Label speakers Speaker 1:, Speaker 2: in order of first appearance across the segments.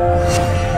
Speaker 1: Música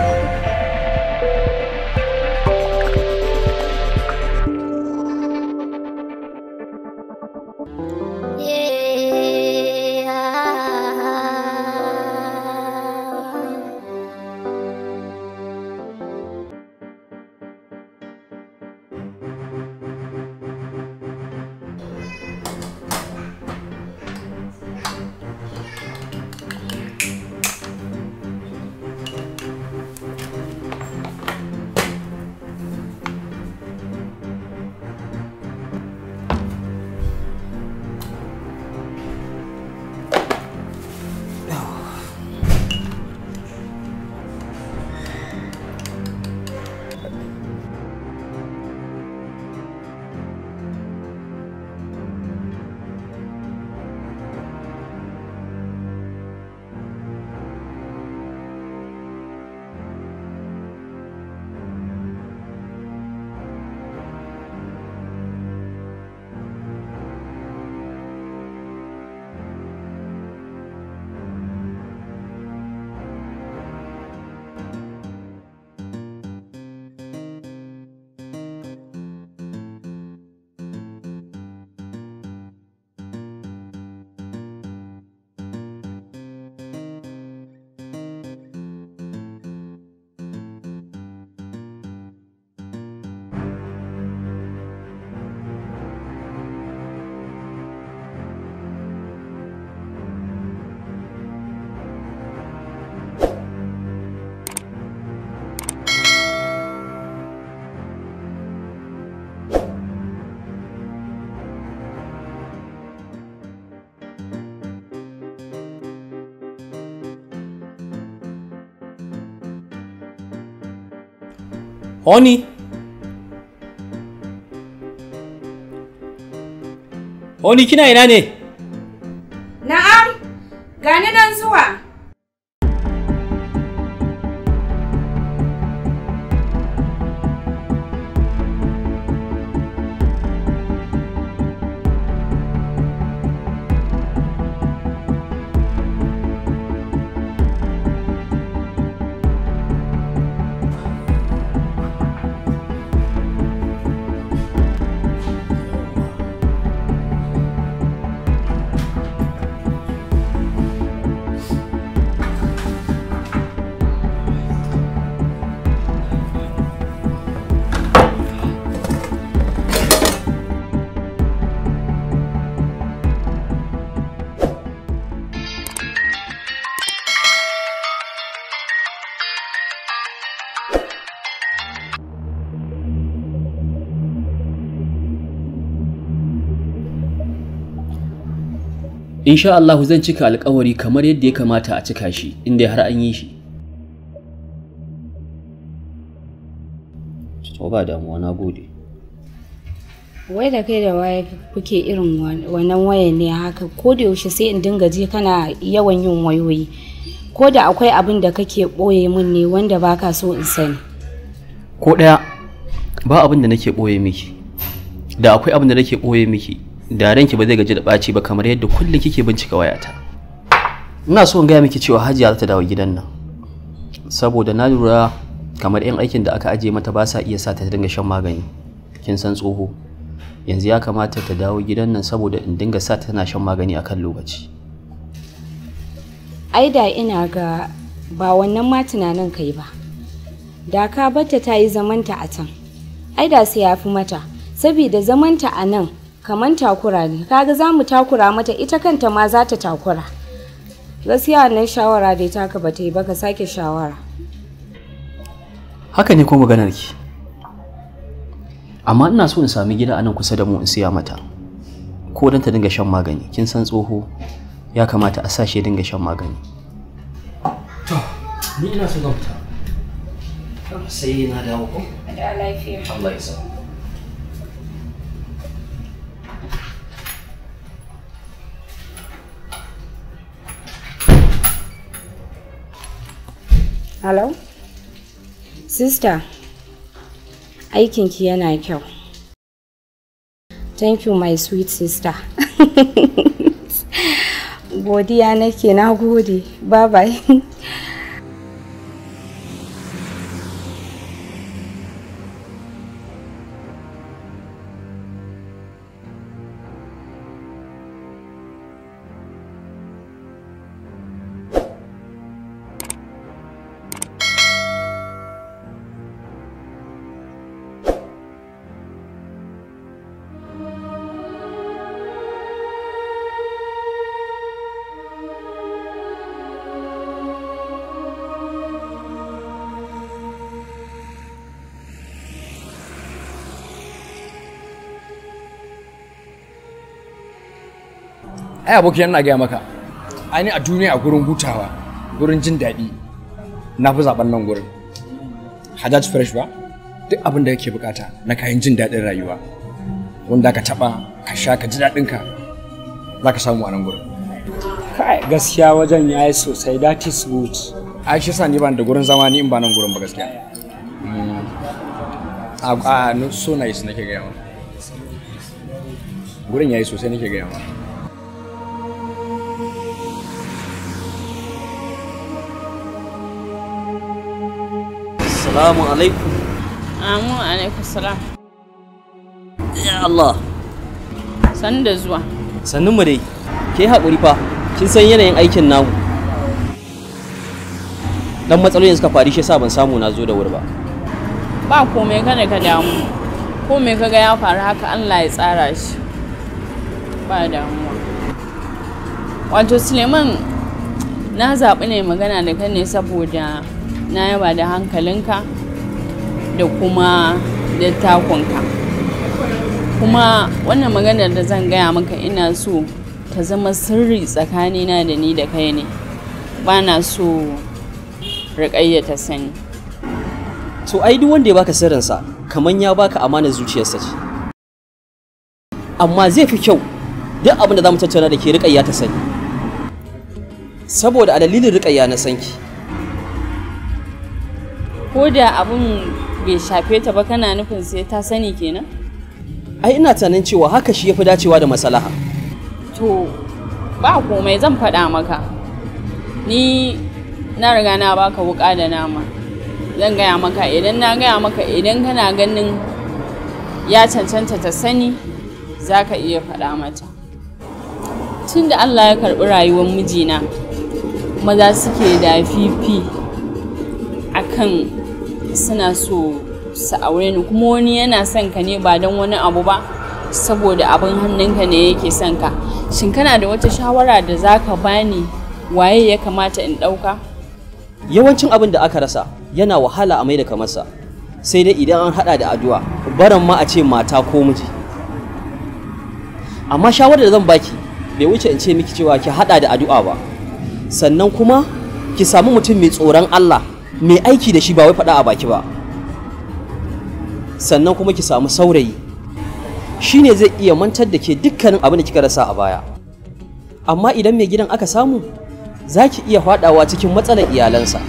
Speaker 1: Oni. Oni kina ina ne? insha Allah zan cika alkawari kamar yadda ya kamata a cika shi inda har an yi shi to ba damuwa na gode
Speaker 2: wai da kai da waye kuke irin wannan waye ne haka ko da yaushe sai in dinga ji kana yawan yin wayoyi ko da akwai abin da kake ɓoye min ne wanda baka so in sani
Speaker 1: ko ɗaya ba abin da nake ɓoye miki da akwai abin da nake ɓoye miki da ranki ba zai gaji da ɓaci ba kamar yadda kullum kike bincika wayata ina so in gaya miki cewa hajiya za ta dawo gidan nan saboda na lura kamar 'yan aikin da aka ajiye mata ba sa iya sa ta dinga shan magani kin san tsoho yanzu ya kamata ta dawo gidan nan saboda in dinga sa tana shan magani akan lokaci
Speaker 2: ai da ina ga ba wannan ma tunanin kai ba da ka bata ta yi zamanta a can ai da sai ya fi mata saboda zamanta a nan kaman takura ne kaga za mu takura mata ita kanta ma za ta takura gaskiya wannan shawara dai taka ba ta yi ba ka sake shawara
Speaker 1: haka ne ko maganar ki amma ina so in sami gida anan kusa da mu in siya mata ko don ta dinga shan magani kin san tsoho ya kamata a ya dinga shan magani to ni ina so ga sai na dawo ko Allah ya sa
Speaker 2: Hello? Sister, aikinki yana kyau. Thank you, my sweet sister. Godiya nake na gode. Bye bye.
Speaker 1: ai abokin na gaya maka ai a duniya a gurin hutawa gurin jin daɗi na fi zaɓen nan gurin hajjaj fresh ba duk abin da yake bukata na kayan jin daɗin rayuwa wanda ka taɓa ka sha ka ji daɗinka za
Speaker 3: ka samu a nan gurin kai gaskiya wajen ya yi sosai that is good ai shi
Speaker 1: sa ni ban da gurin zama ni in ba nan gurin ba gaskiya mm. a so nice nake gaya ma gurin ya yi sosai nake gaya ma Assalamu alaikum.
Speaker 3: Amu alaikum salam. Ya Allah. Sannu da zuwa.
Speaker 1: Sannun mu dai. Ke haƙuri fa. Kin san yanayin aikin namu. Dan matsalolin suka faru shi yasa ban samu na zo da wuri ba.
Speaker 3: Ba komai kada ka damu. Komai kaga ya faru haka Allah ya tsara shi. Ba damuwa. Wato Suleiman na zaɓi ne magana da kai ne saboda na yaba da hankalinka da kuma littafinka kuma wannan maganar da zan gaya maka ina so ta zama sirri tsakanina da ni da kai ne ba na so
Speaker 1: riƙayya ta sani to ai duk wanda ya baka sirrinsa kamar ya baka amana zuciyarsa ce amma zai fi kyau duk abin da za mu tattauna da ke riƙayya ta sani saboda a dalilin riƙayya na sanki
Speaker 3: ko da abun bai shafe ta ba kana nufin sai ta sani kenan
Speaker 1: ai ina tunanin cewa haka shi yafi dacewa da maslaha
Speaker 3: to ba komai zan faɗa maka ni na riga na baka wuƙa da nama zan gaya maka idan na gaya maka idan kana ganin ya cancanta ta sani za ka iya faɗa mata tun da allah ya karɓi rayuwar mijina maza suke da fifi akan suna so su aure ni kuma wani yana son ka ne ba don wani abu ba saboda abin hannunka ne yake son ka shin kana da wata shawara da za ka bani waye ya kamata in ɗauka
Speaker 1: yawancin abin da aka rasa yana wahala a mai da kamarsa sai dai idan an haɗa da addu'a baran ma a ce mata ko miji amma shawarar da zan baki bai wuce in ce miki cewa ki haɗa da addu'a ba sannan kuma ki samu mutum mai tsoron Allah mai aiki da shi ba wai faɗa a baki ba sannan kuma ki samu saurayi shi ne zai iya mantar da ke dukkanin abin da kika rasa a baya amma idan mai gidan aka samu za ki iya faɗawa cikin matsalar iyalansa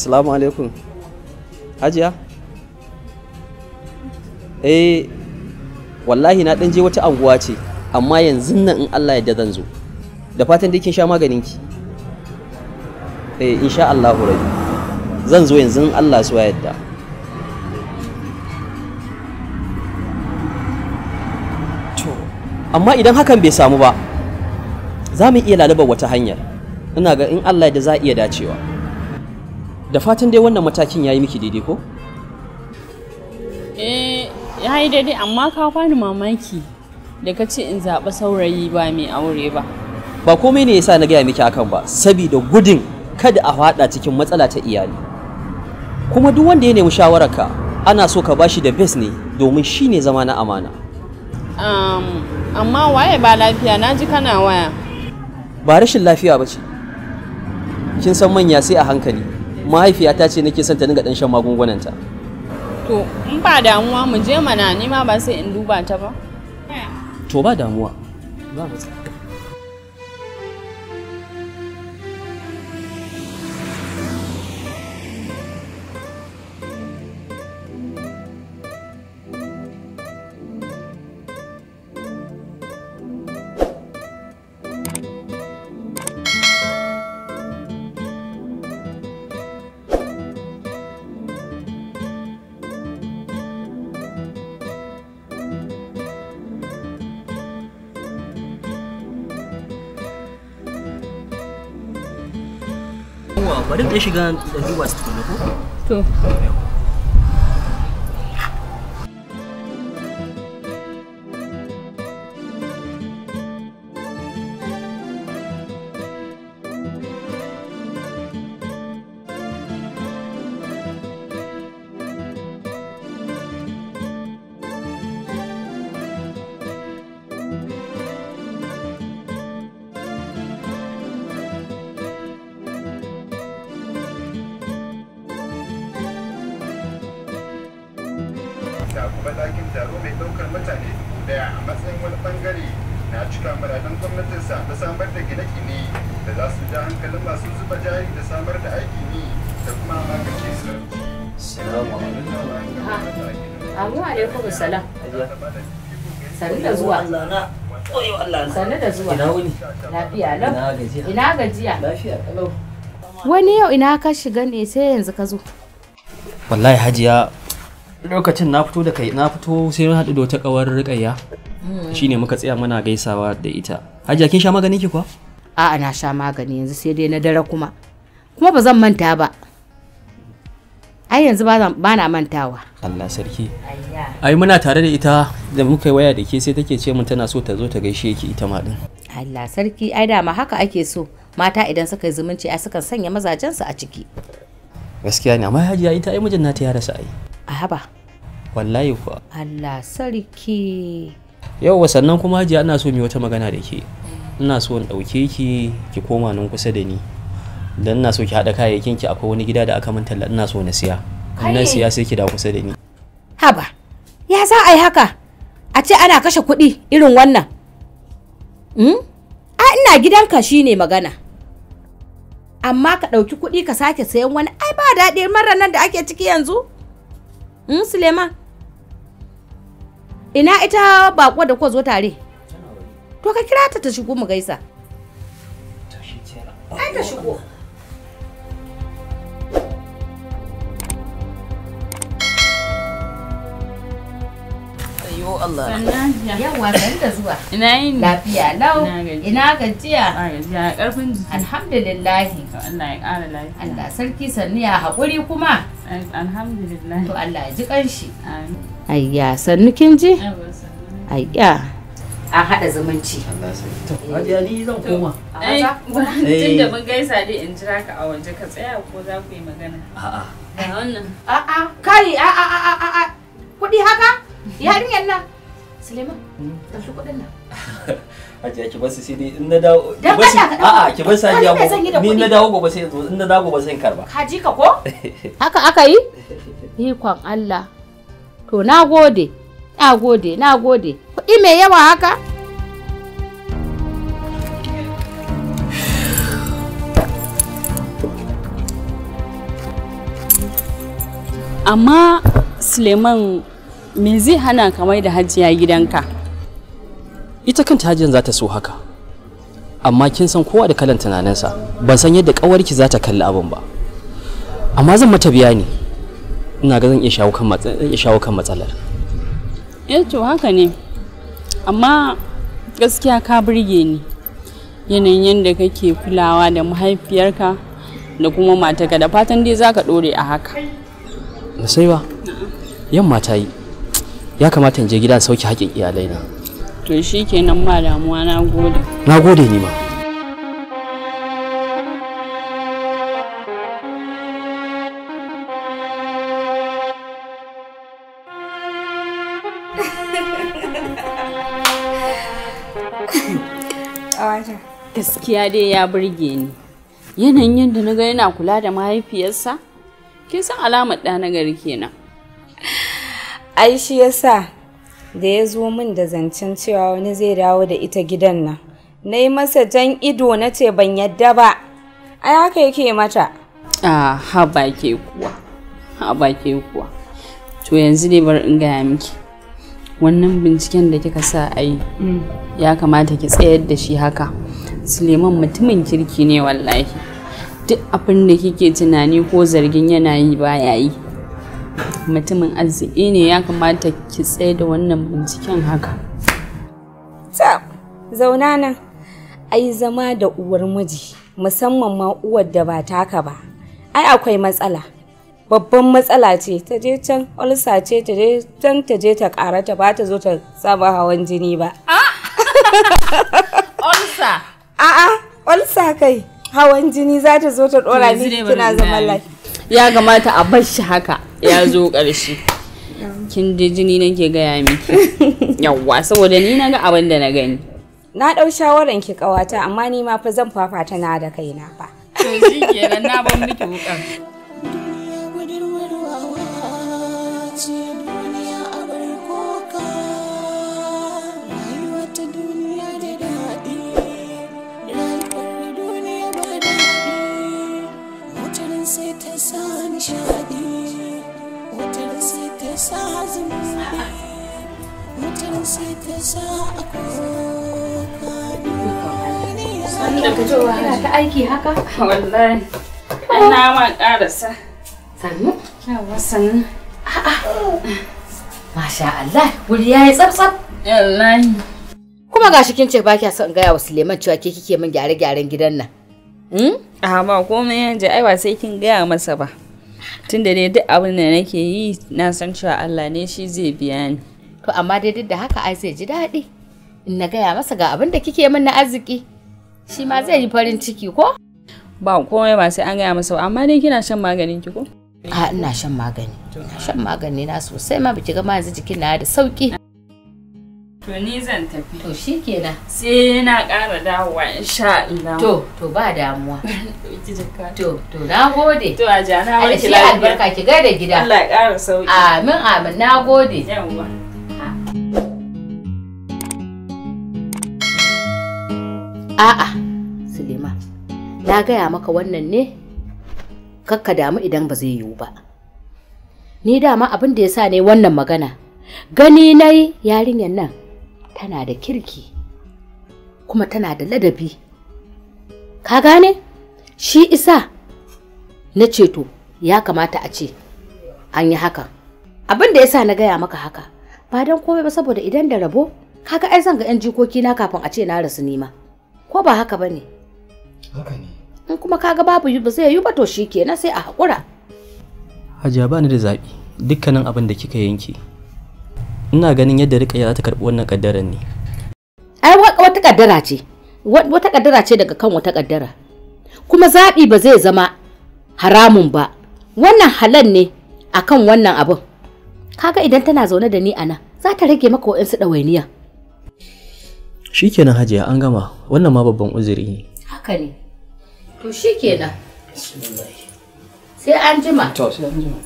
Speaker 1: Assalamu alaikum. Hajiya? Eh, wallahi na ɗan je wata anguwa ce. amma yanzu nan in Allah ya zan zo da fatan dai kin sha maganin ki eh insha Allah rabi zan zo yanzu in Allah su yadda to amma idan hakan bai samu ba za mu iya lalubar wata hanyar ina ga in Allah da za iya dacewa da fatan dai wannan matakin yayi miki daidai ko
Speaker 3: eh yayi daidai amma ka kwani mamaki da ka ce in zaɓi saurayi ba mai aure ba
Speaker 1: ba komai ne ya sa na gaya miki akan ba saboda gudun kada a faɗa cikin matsala ta iyali kuma duk wanda ya nemi shawararka ana so ka bashi da best ne domin shi ne zama na amana
Speaker 3: amma waye ba lafiya na ji kana waya
Speaker 1: ba rashin lafiya ba ce kin san manya sai a hankali mahaifiyata ce nake son ta dinga dan shan magungunanta
Speaker 3: to in ba damuwa mu je mana ni ba sai in duba ta ba
Speaker 1: 找不着我。bari in shiga da duba su tukuna ko to mai ɗaukar mutane daya ɗaya a matsayin wani ɓangare na cika muradan gwamnatinsa ta samar da gine-gine da za su ja hankalin masu zuba jari da samar da aiki ne da kuma magance su Sannu da zuwa.
Speaker 3: Sannu da zuwa. Ina wuni. Lafiya lau. Ina gajiya. Lafiya
Speaker 4: Wani yau ina ka shiga ne sai yanzu ka zo.
Speaker 1: Wallahi hajiya lokacin na fito da kai na fito sai na haɗu da wata kawar riƙayya hmm. shine muka tsaya muna gaisawa da ita hajiya kin sha magani ki kuwa
Speaker 4: a'a na sha magani yanzu sai dai na dare kuma kuma ba zan manta ba ai yanzu ba na mantawa
Speaker 1: Allah sarki ai muna tare da ita da muka yi waya da ke sai take ce mun tana so ta zo ta gaishe ki ita ma din
Speaker 4: Allah sarki ai dama haka ake so mata idan suka yi zumunci ai sukan sanya mazajensu a ciki
Speaker 1: gaskiya ne amma hajiya ita ai mijin na ta rasa ai a haba wallahi kuwa
Speaker 4: Allah sarki
Speaker 1: yauwa sannan kuma hajiya ina so mai wata magana da ke ina so in ɗauke ki ki koma nan kusa da ni dan ina so ki haɗa kayayyakin ki akwai wani gida da aka min talla ina so na siya na siya sai ki da kusa da ni
Speaker 4: haba ya za a yi haka a ce ana kashe kuɗi irin wannan hmm? a ina gidanka shine magana amma ka ɗauki kuɗi ka sake sayan wani ai ba daɗi mara nan da ake ciki yanzu in mm, suleiman ina ita bako da kuwa zo tare to ka kira ta ta shigo mu gaisa ai ta shigo
Speaker 2: yo Allah.
Speaker 4: yawa da zuwa. lafiya lau. Ina gajiya. Ina karfin jiki. Alhamdulillah. Allah ya ƙara lafiya. Allah sarki sannu ya haƙuri kuma. alhamdulillah to Allah ji kanshi ayya sannu kin ji ayya an haɗa zumunci
Speaker 1: ni zan koma tun
Speaker 3: da eh. mun gaisa dai in jira ka a waje ka tsaya ko za ku yi magana
Speaker 1: a'a
Speaker 3: wannan a'a kai a'a a'a
Speaker 4: a'a haka yarinyar nan Suleiman hmm? nan
Speaker 1: Hajiya ki basu ni na dawo gobe sai karba. Ka ka ko?
Speaker 4: Haka aka yi? Ikon Allah. To na gode. Na gode, na mai yawa haka?
Speaker 3: Amma Suleiman me zai hana ka mai da hajiya gidanka?
Speaker 1: ita kanta hajiyan za ta so haka amma kin san kowa da kalan tunaninsa ban san yadda ƙawarki za ta kalli abin ba amma zan mata bayani ina ga zan iya shawo kan matsalar
Speaker 3: eh to haka ne amma gaskiya ka burge ni yanayin yadda kake kulawa da mahaifiyarka da kuma matarka da fatan dai za ka ɗore a haka
Speaker 1: na sai ba yamma ta yi ya kamata in je gida sauke haƙƙin iyalaina
Speaker 3: to shi kenan ba damuwa na gode na gode ni ma gaskiya dai ya burge ni yanayin yadda na ga yana kula da mahaifiyarsa kin san alamar ɗa gari kenan
Speaker 2: ai shi yasa da ya zo min da zancen cewa wani zai dawo da ita gidan nan na yi masa jan ido na ce ban yadda ba ai haka yake mata
Speaker 3: a ah, haba ke kuwa haba ke kuwa to yanzu ne bar in gaya miki wannan binciken da kika sa a yi ya kamata ki tsayar da shi haka suleiman mutumin kirki ne wallahi duk abin da kike tunani ko zargin yana yi baya yi mutumin arziki ne ya kamata ki tsaye da wannan binciken haka ta
Speaker 2: zauna nan ai zama da uwar miji musamman ma uwar da ba taka ba ai akwai matsala babban matsala ce ta je can ulsa ce ta je can ta je ta kara ta ba ta zo ta saba hawan jini ba ah!
Speaker 3: ulsa a'a
Speaker 2: ulsa kai hawan jini za ta zo ta dora ni kina zaman lafiya
Speaker 3: ya gamata a bar shi haka ya zo ƙarshe kin je jini nake gaya miki yawwa saboda ni na ga abin da na gani
Speaker 2: na ɗau shawaran ki ƙawata amma ni ma fa zan fafata na da kaina fa to
Speaker 4: shikenan
Speaker 1: na ban miki wukan sai ta sa nishaɗi wutar sai ta sa
Speaker 4: zumbi wutar sai ta sa a koka
Speaker 3: Sanda fitowa ta aiki haka? Wallahi. Oh. ina ma ƙarasa. Sannu? Yawa sannu. Masha Allah, wuri ya yi tsaf-tsaf. Wallahi. Kuma gashi kin ce
Speaker 4: ba kya son gaya wa Suleiman cewa ke kike min gyare-gyaren gidan nan.
Speaker 3: Hmm? Ah, ba komai yanzu ai ba sai kin gaya masa ba. tunda dai duk abin da nake yi na san cewa Allah ne shi zai biya ni to amma dai duk da haka ai zai ji daɗi in na gaya masa ga
Speaker 4: abin da kike min na arziki shi ma zai yi farin ciki ko
Speaker 3: ba komai ba sai an gaya masa ba amma dai kina shan maganin ki ko a ina shan magani shan magani na sosai
Speaker 4: ma biki ga ma yanzu jikin na da sauki
Speaker 3: To ni zan tafi. To shi kenan. Sai na ƙara dawowa insha Allah. To to ba damuwa. To to na gode. To a ja na warki lafiya. albarka ki da gida. Allah ya ƙara sauki. Amin amin
Speaker 4: na gode. Yawwa. A'a, Suleiman, na gaya maka wannan ne, kakka damu idan ba zai yiwu ba. Ni dama abin da ya sa ne wannan magana, gani na yi yarinyar nan tana da kirki kuma tana da ladabi ka gane shi isa na ceto ya kamata a ce an yi haka abin da ya sa na gaya maka haka ba don komai ba saboda idan da rabo kaga ai zan ga yan jikoki na kafin a ce na rasu nima ko ba haka ba ne haka ne in kuma kaga babu yi ba zai yi ba to shi shikenan sai a haƙura
Speaker 1: hajiya ba ni da zaɓi dukkanin abin da kika yanke ina ganin yadda rika ya ta karɓi wannan kaddarar ne
Speaker 4: ai wata kaddara ce wata kaddara ce daga kan wata kaddara kuma zaɓi ba zai zama haramun ba wannan halal ne akan wannan abin kaga idan tana zaune da ni ana za ta rage maka wa'insu ɗawainiya
Speaker 1: shikenan hajiya an gama wannan ma babban uzuri ne
Speaker 4: haka ne to shikenan sai an jima to sai an jima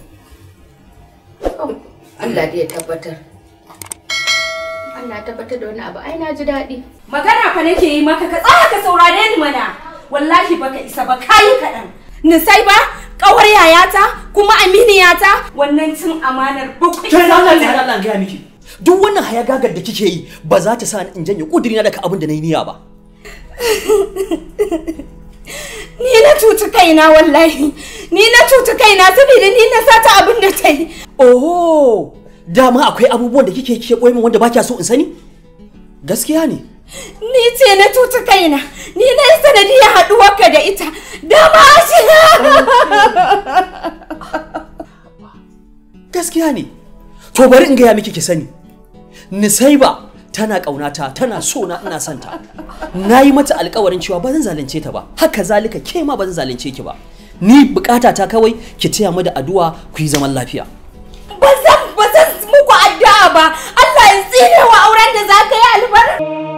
Speaker 4: oh, Allah ya tabbatar Allah ya tabbatar da wani abu ai na ji daɗi. Magana
Speaker 2: fa nake yi maka ka tsaya ka saurare ni mana. Wallahi baka isa ba kayi kaɗan. Nisai ba kawar yayata kuma aminiyata wannan cin amanar bakwai. Kai Allah ya
Speaker 1: Allah ga miki. Duk wannan hayagagar da kike yi ba za ta sa in janye kudirina daga abin da na yi niyya ba. Ni na cuci kaina wallahi. Ni na cuci kaina saboda ni na sata abin da ta yi. Oh! dama akwai abubuwan da kike kike koyi wanda ba so in sani gaskiya ne ni
Speaker 2: ce na cuci kaina ni na yi sanadiyar haɗuwarka da ita dama shi
Speaker 1: gaskiya ne to bari in gaya miki ki sani ba tana ƙaunata tana so na ina son ta na yi mata alkawarin cewa ba zan zalunce ta ba haka zalika ke ma ba zan zalunce ki ba ni bukata ta kawai ki taya mu da addu'a ku yi zaman lafiya ba za
Speaker 4: wa auren da za ka yi albar?